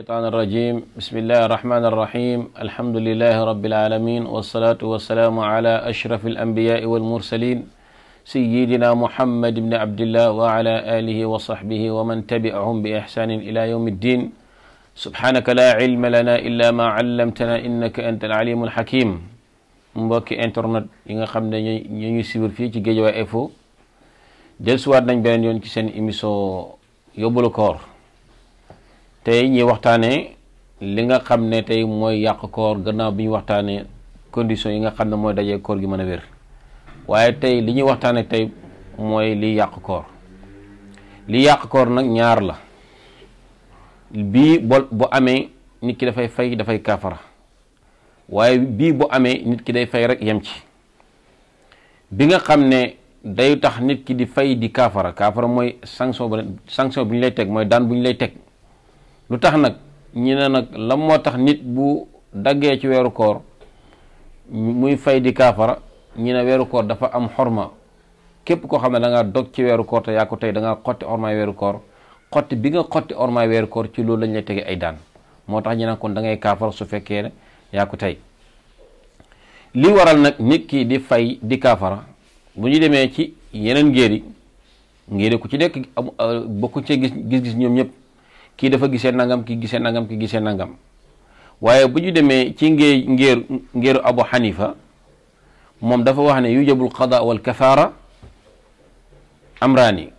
الشيطان الرجيم بسم الله الرحمن الرحيم الحمد لله رب العالمين والصلاة والسلام على أشرف الأنبياء والمرسلين سيدنا محمد بن عبد الله وعلى آله وصحبه ومن تبعهم بإحسان إلى يوم الدين سبحانك لا علم لنا إلا ما علمتنا إنك أنت العليم الحكيم mbokki انترنت yi nga xam ne ñu ñu suivre fii ci Guédiawaye Info dellusiwaat nañ beneen tey ñi waxtaanee li nga xam ne tey mooy yàq koor gannaaw bi ñu waxtaanee conditions yi nga xam ne mooy dajee koor gi mën a wér waaye tey li ñuy waxtaanee tey mooy li yàq koor li yàq koor nag ñaar la bii boo bu amee nit ki dafay fay dafay kaafara waaye bii bu amee nit ki day fay rek yem ci bi nga xam ne day tax nit ki di fay di kaafara kaafara mooy sanction bu sanction bi ñu lay teg mooy daan bu ñu lay teg lu tax nag ñi ne nag la moo tax nit bu daggee ci weeru koor muy fay di kaafara ñi ne weeru koor dafa am xorma képp koo xam ne da ngaa dog ci weeru koor te yaa ko tey da ngaa xotti ormaay weeru koor xotti bi nga xotti ormaay weeru koor ci loolu lañ lay tegee ay daan moo tax ñu ne kon da kaafara su fekkee ne yaa ko tey li waral nag nit kii di fay di kaafara bu ñu demee ci yeneen ngéer yi ngéer ku ci nekk bokku cee gis gis ñoom ñëpp kii dafa gisee nangam kii gisee nangam ki gisee nangam waaye bu ñu demee ci ngee ngéer abu xanifa moom dafa wax ne yujabul qadaa wal kafaara amraani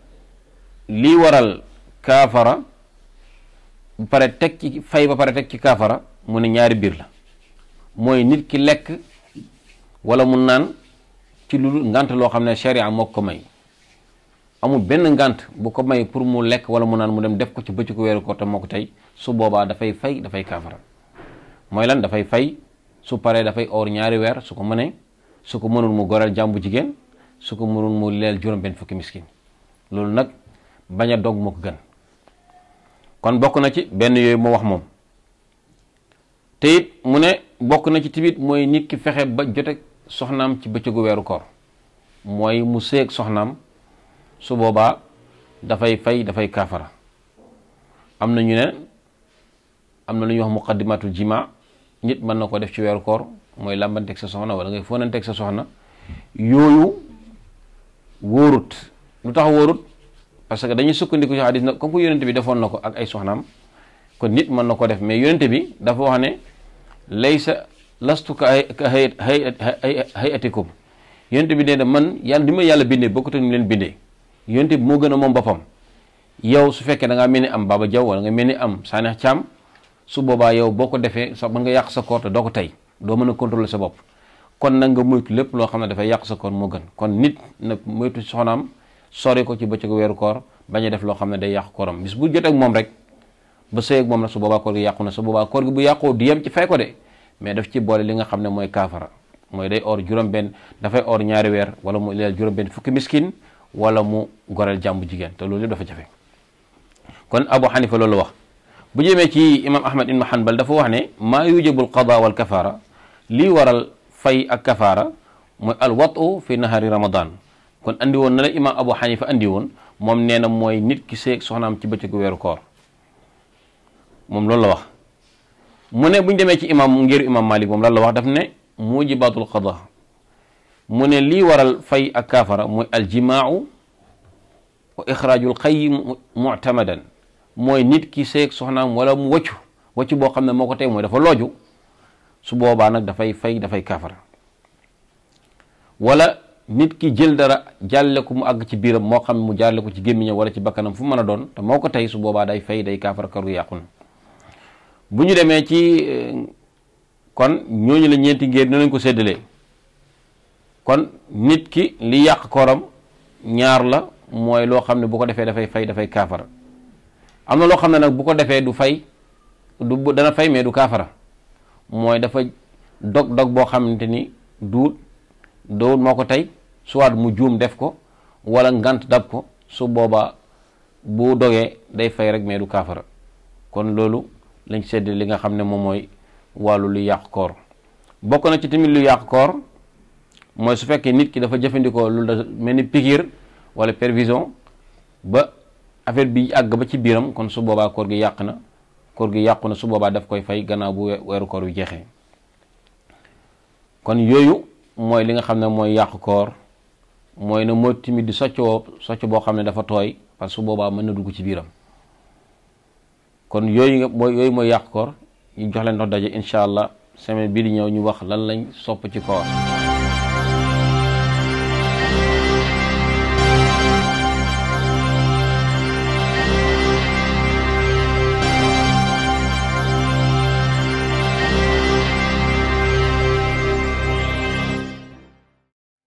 lii waral kaafara ba pare teg ci fay ba pare teg ci kaafara mu ne ñaari biir la mooy nit ki lekk walla mu naan ci lu ngànt loo xam ne sharia moo ko may amul benn ngànt bu ko may pour mu lekk wala mu naan mu dem def ko ci bëccëgu weeru koor te moo ko tey su boobaa dafay fay dafay kaafara mooy lan dafay fay su paree dafay oor ñaari weer su ko mënee su ko mënul mu goreel jàmbu jigéen su ko mënul mu leel juróom-benn fukki miskin loolu nag bañ a dog moo ko gën kon bokk na ci benn yooyu moo wax moom te mu ne bokk na ci tamit mooy nit ki fexe ba jote soxnaam ci bëccëgu weeru koor mooy mu seeg soxnaam. su boobaa dafay fay dafay kaafara am na ñu ne am na lu ñuy wax muqaddimatul jima nit mën na ko def ci weeru koor mooy làmbanteeg sa soxna wala ngay foo fonanteeg sa soxna yooyu wóorut lu tax wóorut parce que dañuy sukkandiku ci xadis na comme que yonente bi defoon na ko ak ay soxnaam kon nit mën na ko def mais yonente bi dafa wax ne laysa lastu ka hay hay hayatikum yonente bi dee na man yàlla li ma yàlla bindee bokkut ak ni leen bindee yonte bi moo gën a moom boppam yow su fekkee da ngaa mel ni am Baba Jaw wala nga mel ni am Sanex Caam su boobaa yow boo ko defee sax ba nga yàq sa koor te doo ko tey doo mën a contrôler sa bopp kon nag nga moytu lépp loo xam ne dafay yàq sa koor moo gën kon nit na moytu soxnaam sori ko ci bëccëgu weeru koor bañ a def loo xam ne day yàq kooram bis bu jot ak moom rek ba sëy ak moom nag su boobaa koor gi yàqu na su boobaa koor gi bu yàqoo du yem ci fay ko de mais daf ci boole li nga xam ne mooy kaafara mooy day or juróom-benn dafay or ñaari weer wala mooy leel juróom-benn fukki miskin wala mu goreel jàmbu jigéen te loolu yëpp dafa jafe kon Abu Hanifa loolu wax bu jëmee ci imam Ahmad ibn Hanbal dafa wax ne maa yujibul qada wal kafaara lii waral fay ak kafaara mooy al watu fi nahari ramadan kon andi woon na la imam Abu Hanifa andi moom nee na mooy nit ki soxna am ci bëccëgu weeru koor moom loolu la wax mu ne bu ñu demee ci imam ngir imam Malik moom lan la wax daf ne mujibatul qada mu ne lii waral fay ak kaafara mooy aljimaau wa ixraajul xayyi muctamadan mooy nit ki seeg soxnaam wala mu waccu waccu boo xam ne moo ko tey mooy dafa looju su boobaa nag dafay fay dafay kaafara walla nit ki jël dara jàlle ko mu àgg ci biiram moo xam mu jàlle ko ci gémmiñam wala ci bakkanam fu mën a doon te moo ko tey su boobaa day fay day kaafara karu yàqun bu ñu demee ci eh, kon ñooñu la ñeenti ngéer ne lañ ko séddalee kon nit ki li yàq kooram ñaar la mooy loo xam ne bu ko defee dafay fay dafay kaafara am na loo xam ne nag bu ko defee du fay du dana fay mais du kaafara mooy dafa dog dog boo xamante ni duut dowut moo ko tey soit mu juum def ko wala ngant dab ko su boobaa bu dogee day fay rek mais du kaafara kon loolu lañ sedd li nga xam ne moom mooy wàllu lu yàq koor bokk na ci tamit lu yàq koor mooy su fekkee nit ki dafa jëfandikoo lu da mel ni piqûre wala perfusion ba affaire bi àgg ba ci biiram kon su boobaa koor gi yàq na koor gi yàqu na su boobaa daf koy fay gannaaw bu weeru koor wi jeexee kon yooyu mooy li nga xam ne mooy yàq koor mooy ne mooy timit soccoo socc boo xam ne dafa tooy parce que boobaa mën na dugg ci biiram kon yooyu mooy yooyu mooy yàq koor ñu jox leen dox daje incha allah semaine bii di ñëw ñu wax lan lañ sopp ci koor